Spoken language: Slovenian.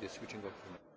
de switching off.